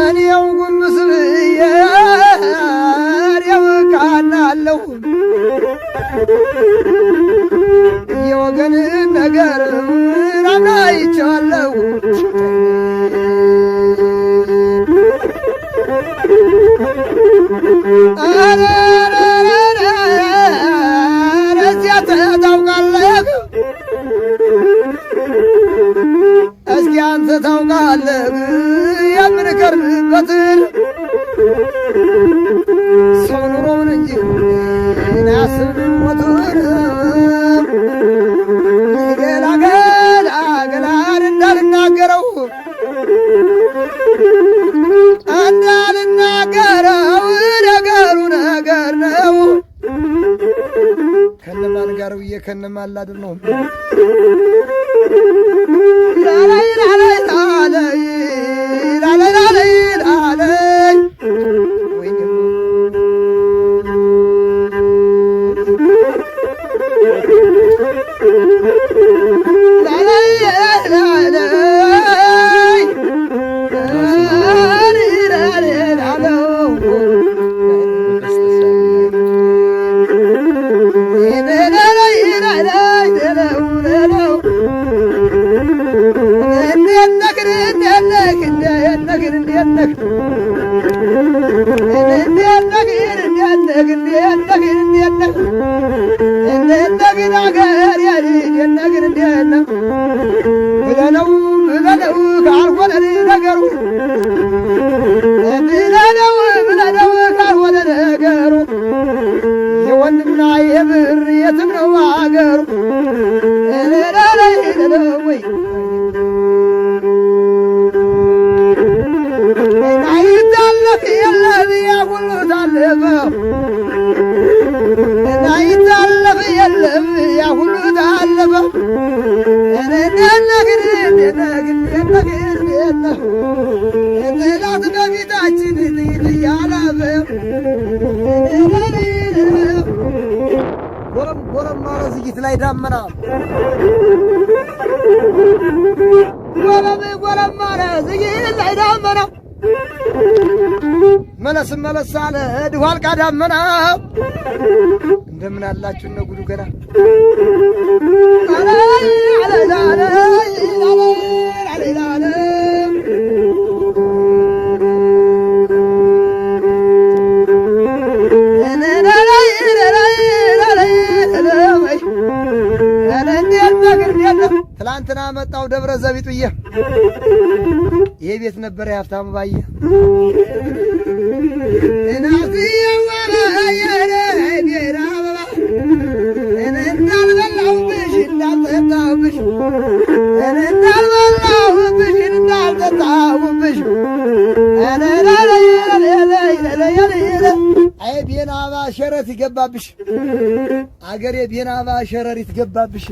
እኔው ጉምስል የሬው ቃናለሁ የወገን ነገር አምናይቻለሁ ታውቃለህ አንተ ታውቃለህ የምንቀርበትን ሰው ኑሮውን እንጂ ናያስብ ሞቱን ገላገል ገላን እንዳልናገረው እንዳልናገረው ነገሩ ነገር ነው። ከነማን ጋር ብዬ ከነማን ላድር ነው ነገሩ ጎረም ማለት ዝይት ላይ ዳመና ጎረም ጎረም ማለት ዝይት ላይ ዳመና መለስ መለስ አለ ድኋልቃ ዳመና እንደምን አላችሁ ነው ጉዱ ገና ሀገር ያለም ትላንትና መጣው ደብረ ዘቢጥ ብዬ ይሄ ቤት ነበረ የሀብታሙ ባየ Yeah. አይ ቤናባ ሸረት ይገባብሽ አገሬ ቤናባ ሸረሪት ይገባብሽ።